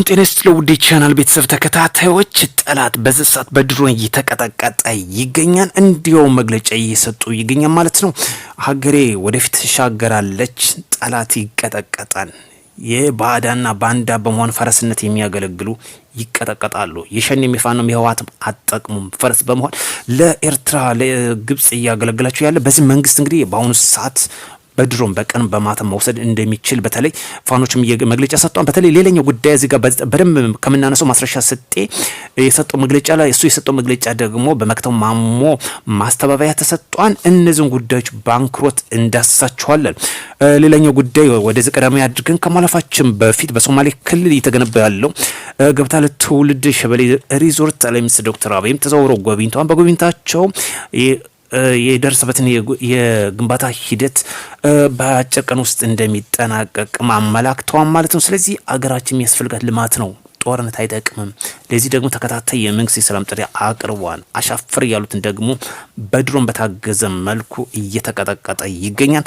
ሰላም ጤና ይስጥልኝ ውድ ቻናል ቤተሰብ ተከታታዮች። ጠላት በዚህ ሰዓት በድሮን እየተቀጠቀጠ ይገኛል፣ እንዲያው መግለጫ እየሰጡ ይገኛል ማለት ነው። ሀገሬ ወደፊት ትሻገራለች፣ ጠላት ይቀጠቀጣል። የባዕዳና ባንዳ በመሆን ፈረስነት የሚያገለግሉ ይቀጠቀጣሉ። የሸኔም የፋኖም የህወሓትም አጠቅሙም ፈረስ በመሆን ለኤርትራ ለግብጽ እያገለግላቸው ያለ በዚህ መንግስት እንግዲህ በአሁኑ ሰዓት በድሮን በቀን በማታ መውሰድ እንደሚችል በተለይ ፋኖችም መግለጫ ሰጥቷል። በተለይ ሌላኛው ጉዳይ እዚህ ጋር በደንብ ከምናነሰው ማስረሻ ስጤ የሰጠው መግለጫ ላይ እሱ የሰጠው መግለጫ ደግሞ በመክተው ማሞ ማስተባበያ ተሰጧን። እነዚህን ጉዳዮች ባንክሮት እንዳስሳችኋለን። ሌላኛው ጉዳይ ወደዚህ ቀዳሚ አድርገን ከማለፋችን በፊት በሶማሌ ክልል እየተገነባ ያለው ገብታ ለትውልድ ሸበሌ ሪዞርት ጠቅላይ ሚኒስትር ዶክተር አብይም ተዘዋውረው ጎብኝተዋል። በጎብኝታቸው የደረሰበትን የግንባታ ሂደት በአጭር ቀን ውስጥ እንደሚጠናቀቅ ማመላክተዋል ማለት ነው። ስለዚህ አገራችን የሚያስፈልጋት ልማት ነው። ጦርነት አይጠቅምም። ለዚህ ደግሞ ተከታታይ የመንግስት የሰላም ጥሪ አቅርቧል። አሻፍር ያሉትን ደግሞ በድሮን በታገዘ መልኩ እየተቀጠቀጠ ይገኛል።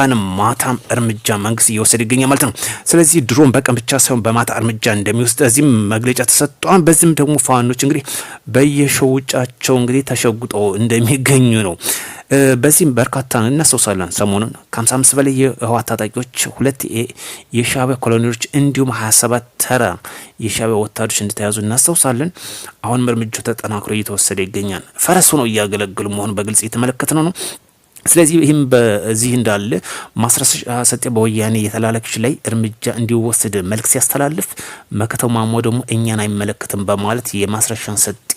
ቀን ማታም እርምጃ መንግስት እየወሰደ ይገኛል ማለት ነው። ስለዚህ ድሮን በቀን ብቻ ሳይሆን በማታ እርምጃ እንደሚወስድ እዚህም መግለጫ ተሰጥቷል። በዚህም ደግሞ ፋኖች እንግዲህ በየሸውጫቸው እንግዲህ ተሸጉጠው እንደሚገኙ ነው። በዚህም በርካታ እናስታውሳለን። ሰሞኑን ከ55 በላይ የህወሓት ታጣቂዎች፣ ሁለት የሻዕቢያ ኮሎኔሎች እንዲሁም 27 ተራ የሻዕቢያ ወታደሮች እንደተያዙ እናስታውሳለን። አሁንም እርምጃው ተጠናክሮ እየተወሰደ ይገኛል። ፈረሱ ነው እያገለገሉ መሆኑ በግልጽ የተመለከት ነው ነው ስለዚህ ይህም በዚህ እንዳለ ማስረሻ ሰጤ በወያኔ የተላለከች ላይ እርምጃ እንዲወስድ መልክ ሲያስተላልፍ መከተው ማሞ ደግሞ እኛን አይመለከትም በማለት የማስረሻን ሰጤ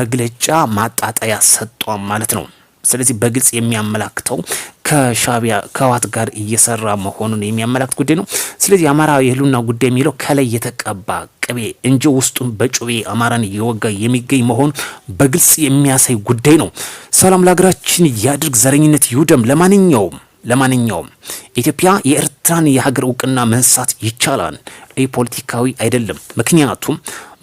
መግለጫ ማጣጣያ ሰጧ ማለት ነው። ስለዚህ በግልጽ የሚያመላክተው ከሻቢያ ከህወሓት ጋር እየሰራ መሆኑን የሚያመላክት ጉዳይ ነው። ስለዚህ የአማራ የህልውና ጉዳይ የሚለው ከላይ የተቀባ ቅቤ እንጂ ውስጡን በጩቤ አማራን እየወጋ የሚገኝ መሆኑ በግልጽ የሚያሳይ ጉዳይ ነው። ሰላም ለሀገራችን ያድርግ፣ ዘረኝነት ይውደም። ለማንኛውም ለማንኛውም ኢትዮጵያ የኤርትራን የሀገር እውቅና መንሳት ይቻላል። ይህ ፖለቲካዊ አይደለም። ምክንያቱም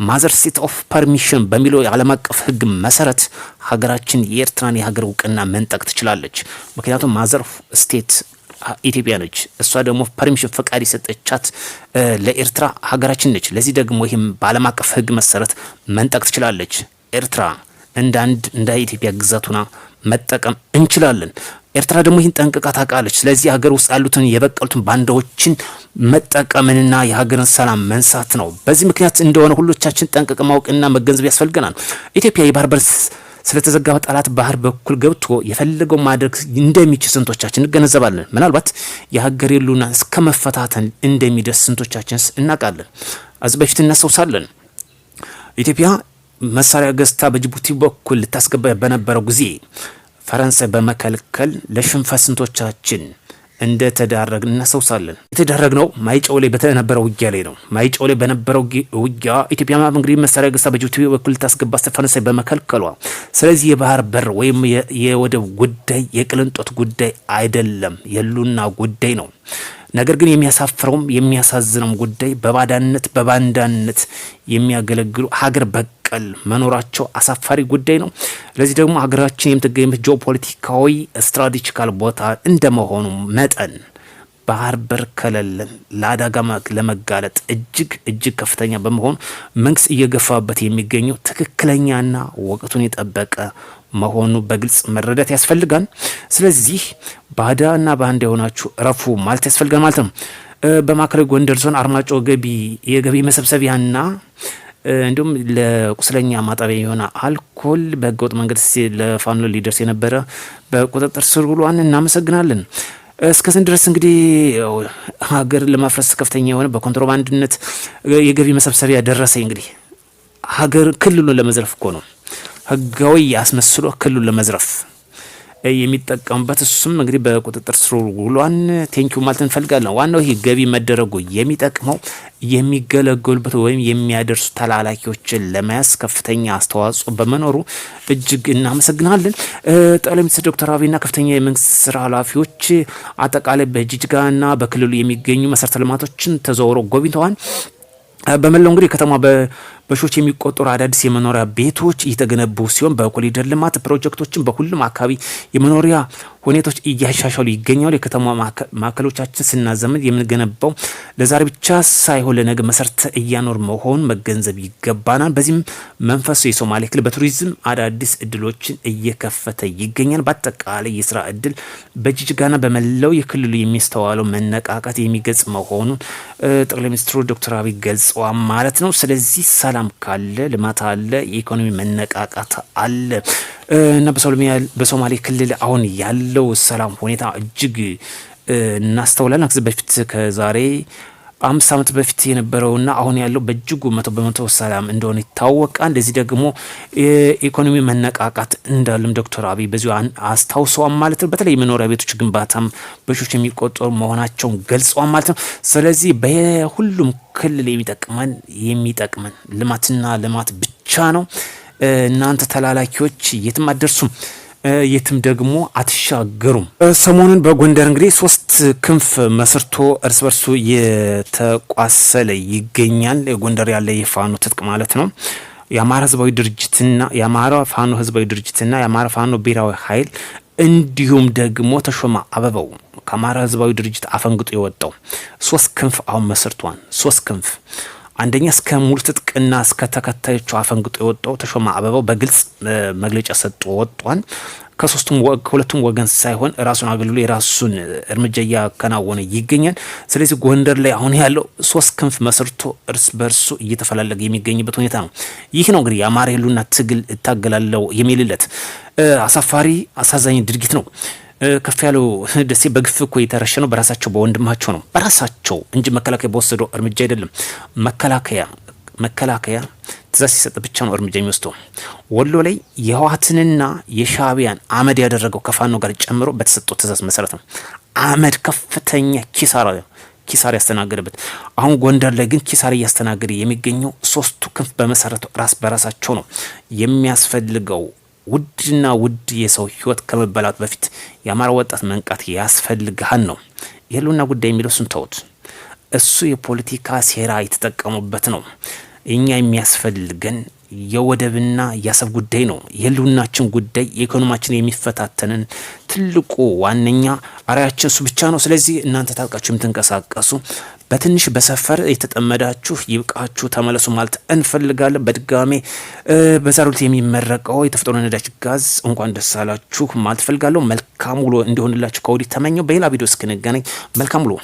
ማዘር ሴት ኦፍ ፐርሚሽን በሚለው የዓለም አቀፍ ሕግ መሰረት ሀገራችን የኤርትራን የሀገር እውቅና መንጠቅ ትችላለች። ምክንያቱም ማዘር ስቴት ኢትዮጵያ ነች። እሷ ደግሞ ፐርሚሽን ፈቃድ የሰጠቻት ለኤርትራ ሀገራችን ነች። ለዚህ ደግሞ ይህም በዓለም አቀፍ ሕግ መሰረት መንጠቅ ትችላለች። ኤርትራ እንደ አንድ እንደ ኢትዮጵያ ግዛት ሆና መጠቀም እንችላለን። ኤርትራ ደግሞ ይህን ጠንቅቃ ታውቃለች። ስለዚህ ሀገር ውስጥ ያሉትን የበቀሉትን ባንዳዎችን መጠቀምንና የሀገርን ሰላም መንሳት ነው። በዚህ ምክንያት እንደሆነ ሁሎቻችን ጠንቅቅ ማወቅና መገንዘብ ያስፈልገናል። ኢትዮጵያ የባህር በር ስለተዘጋ በጠላት ባህር በኩል ገብቶ የፈለገው ማድረግ እንደሚችል ስንቶቻችን እንገነዘባለን? ምናልባት የሀገር የሉና እስከ መፈታተን እንደሚደርስ ስንቶቻችን እናውቃለን? አዚ በፊት እናስታውሳለን። ኢትዮጵያ መሳሪያ ገዝታ በጅቡቲ በኩል ልታስገባ በነበረው ጊዜ ፈረንሳይ በመከልከል ለሽንፈት ስንቶቻችን እንደተዳረግን እናስታውሳለን። የተዳረግነው ማይጨው ላይ በተነበረው ውጊያ ላይ ነው። ማይጨው ላይ በነበረው ውጊያ ኢትዮጵያ እንግዲህ መሳሪያ ገዝታ በጅቡቲ በኩል ልታስገባ ፈረንሳይ በመከልከሏ፣ ስለዚህ የባህር በር ወይም የወደብ ጉዳይ የቅልንጦት ጉዳይ አይደለም፣ የሉና ጉዳይ ነው። ነገር ግን የሚያሳፍረውም የሚያሳዝነውም ጉዳይ በባዳነት በባንዳነት የሚያገለግሉ ሀገር በ በቀል መኖራቸው አሳፋሪ ጉዳይ ነው። ለዚህ ደግሞ ሀገራችን የምትገኝበት ጂኦፖለቲካዊ ስትራቴጂካል ቦታ እንደመሆኑ መጠን ባህር በር ከሌለን ለአደጋ ለመጋለጥ እጅግ እጅግ ከፍተኛ በመሆኑ መንግስት እየገፋበት የሚገኘው ትክክለኛና ወቅቱን የጠበቀ መሆኑ በግልጽ መረዳት ያስፈልጋል። ስለዚህ ባዳና ባንዳ የሆናችሁ እረፉ ማለት ያስፈልጋል ማለት ነው። በማዕከላዊ ጎንደር ዞን አርማጮ ገቢ የገቢ መሰብሰቢያና እንዲሁም ለቁስለኛ ማጠቢያ የሆነ አልኮል በህገወጥ መንገድ ለፋኖ ሊደርስ የነበረ በቁጥጥር ስር ውሏን እናመሰግናለን። እስከዚህ ድረስ እንግዲህ ሀገር ለማፍረስ ከፍተኛ የሆነ በኮንትሮባንድነት የገቢ መሰብሰቢያ ደረሰ። እንግዲህ ሀገር ክልሉን ለመዝረፍ እኮ ነው፣ ህጋዊ አስመስሎ ክልሉን ለመዝረፍ የሚጠቀሙበት እሱም እንግዲህ በቁጥጥር ስር ውሏን ቴንኪው ማለት እንፈልጋለን። ዋናው ይህ ገቢ መደረጉ የሚጠቅመው የሚገለገሉበት ወይም የሚያደርሱ ተላላኪዎችን ለመያዝ ከፍተኛ አስተዋጽኦ በመኖሩ እጅግ እናመሰግናለን። ጠቅላይ ሚኒስትር ዶክተር አብይና ከፍተኛ የመንግስት ስራ ኃላፊዎች አጠቃላይ በጅጅጋና በክልሉ የሚገኙ መሰረተ ልማቶችን ተዘውረው ጎብኝተዋል። በመላው እንግዲህ ከተማ በሺዎች የሚቆጠሩ አዳዲስ የመኖሪያ ቤቶች እየተገነቡ ሲሆን በኮሊደር ልማት ፕሮጀክቶችን በሁሉም አካባቢ የመኖሪያ ሁኔታዎች እያሻሻሉ ይገኛሉ። የከተማ ማዕከሎቻችን ስናዘምን የምንገነባው ለዛሬ ብቻ ሳይሆን ለነገ መሰረት እያኖር መሆኑን መገንዘብ ይገባናል። በዚህም መንፈሱ የሶማሌ ክልል በቱሪዝም አዳዲስ እድሎችን እየከፈተ ይገኛል። በአጠቃላይ የስራ እድል በጅጅጋና በመላው የክልሉ የሚስተዋለው መነቃቃት የሚገልጽ መሆኑን ጠቅላይ ሚኒስትሩ ዶክተር አብይ ገልጸዋል ማለት ነው። ስለዚህ ሰላም ሰላም ካለ ልማት አለ፣ የኢኮኖሚ መነቃቃት አለ እና በሶማሌ ክልል አሁን ያለው ሰላም ሁኔታ እጅግ እናስተውላለን። ከዚህ በፊት ከዛሬ አምስት ዓመት በፊት የነበረውና አሁን ያለው በእጅጉ መቶ በመቶ ሰላም እንደሆነ ይታወቃል። እንደዚህ ደግሞ የኢኮኖሚ መነቃቃት እንዳለም ዶክተር አብይ በዚሁ አስታውሰዋል ማለት ነው። በተለይ የመኖሪያ ቤቶች ግንባታም በሺዎች የሚቆጠሩ መሆናቸውን ገልጸዋል ማለት ነው። ስለዚህ በሁሉም ክልል የሚጠቅመን የሚጠቅመን ልማትና ልማት ብቻ ነው። እናንተ ተላላኪዎች የትም አደርሱም። የትም ደግሞ አትሻገሩም። ሰሞኑን በጎንደር እንግዲህ ሶስት ክንፍ መስርቶ እርስ በርሱ የተቋሰለ ይገኛል። ጎንደር ያለ የፋኖ ትጥቅ ማለት ነው። የአማራ ህዝባዊ ድርጅትና የአማራ ፋኖ ህዝባዊ ድርጅትና የአማራ ፋኖ ብሔራዊ ኃይል እንዲሁም ደግሞ ተሾማ አበባው ከአማራ ህዝባዊ ድርጅት አፈንግጦ የወጣው ሶስት ክንፍ አሁን መስርቷን ሶስት ክንፍ አንደኛ እስከ ሙሉ ትጥቅና እስከ ተከታዮቹ አፈንግጦ የወጣው ተሾመ አበባው በግልጽ መግለጫ ሰጥቶ ወጧል። ከሶስቱም ከሁለቱም ወገን ሳይሆን ራሱን አገልግሎ የራሱን እርምጃ እያከናወነ ይገኛል። ስለዚህ ጎንደር ላይ አሁን ያለው ሶስት ክንፍ መስርቶ እርስ በርሱ እየተፈላለገ የሚገኝበት ሁኔታ ነው። ይህ ነው እንግዲህ የአማራ ህሉና ትግል እታገላለው የሚልለት አሳፋሪ አሳዛኝ ድርጊት ነው። ከፍ ያሉ ደሴ በግፍ እኮ ነው። በራሳቸው በወንድማቸው ነው በራሳቸው እንጂ መከላከያ በወሰደው እርምጃ አይደለም። መከላከያ መከላከያ ትእዛዝ ሲሰጥ ብቻ ነው እርምጃ የሚወስደው። ወሎ ላይ የህወሓትንና የሻቢያን አመድ ያደረገው ከፋኖ ጋር ጨምሮ በተሰጠው ትእዛዝ መሰረት ነው። አመድ ከፍተኛ ኪሳራ ኪሳራ ያስተናገደበት። አሁን ጎንደር ላይ ግን ኪሳራ እያስተናገደ የሚገኘው ሶስቱ ክንፍ በመሰረቱ ራስ በራሳቸው ነው የሚያስፈልገው ውድና ውድ የሰው ህይወት ከመበላት በፊት የአማራ ወጣት መንቃት ያስፈልግሃል ነው። የህልውና ጉዳይ የሚለው እሱን ተውት። እሱ የፖለቲካ ሴራ የተጠቀሙበት ነው። እኛ የሚያስፈልገን የወደብና የአሰብ ጉዳይ ነው። የህልውናችን ጉዳይ የኢኮኖማችን የሚፈታተንን ትልቁ ዋነኛ አርያችን እሱ ብቻ ነው። ስለዚህ እናንተ ታጥቃችሁ የምትንቀሳቀሱ በትንሽ በሰፈር የተጠመዳችሁ ይብቃችሁ፣ ተመለሱ ማለት እንፈልጋለን። በድጋሜ በዛሩት የሚመረቀው የተፈጥሮ ነዳጅ ጋዝ እንኳን ደስ አላችሁ ማለት እፈልጋለሁ። መልካም ውሎ እንዲሆንላችሁ ከወዲህ ተመኘው። በሌላ ቪዲዮ እስክንገናኝ መልካም ውሎ